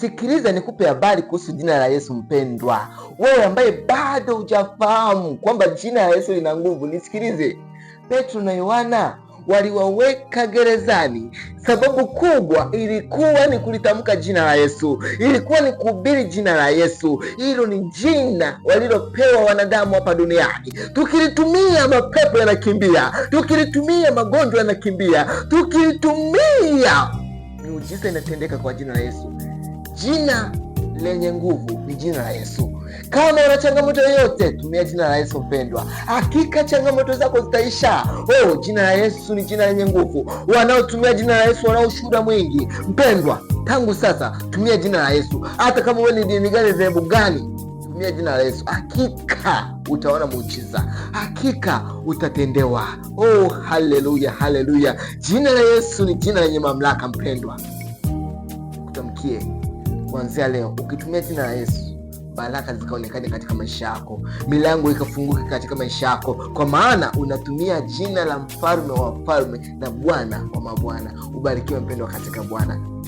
Sikiliza nikupe habari kuhusu jina la Yesu. Mpendwa wewe ambaye bado hujafahamu kwamba jina la Yesu lina nguvu, nisikilize. Petro na Yohana waliwaweka gerezani, sababu kubwa ilikuwa ni kulitamka jina la Yesu, ilikuwa ni kuhubiri jina la Yesu. Hilo ni jina walilopewa wanadamu hapa duniani. Tukilitumia mapepo yanakimbia, tukilitumia magonjwa yanakimbia, tukilitumia miujiza inatendeka kwa jina la Yesu. Jina lenye nguvu ni jina la Yesu. Kama una changamoto yoyote, tumia jina la Yesu mpendwa, hakika changamoto zako zitaisha. Oh, jina la Yesu ni jina lenye nguvu. Wanaotumia jina la Yesu wanao ushuhuda mwingi. Mpendwa, tangu sasa tumia jina la Yesu, hata kama wewe ni dini gani, dhehebu gani, tumia jina la Yesu, hakika utaona muujiza, hakika utatendewa. Oh, haleluya, haleluya! Jina la Yesu ni jina lenye mamlaka mpendwa, kutamkie kuanzia leo ukitumia jina la Yesu baraka zikaonekane katika maisha yako, milango ikafunguka katika maisha yako, kwa maana unatumia jina la mfalme wa wafalme na Bwana wa mabwana. Ubarikiwe mpendwa katika Bwana.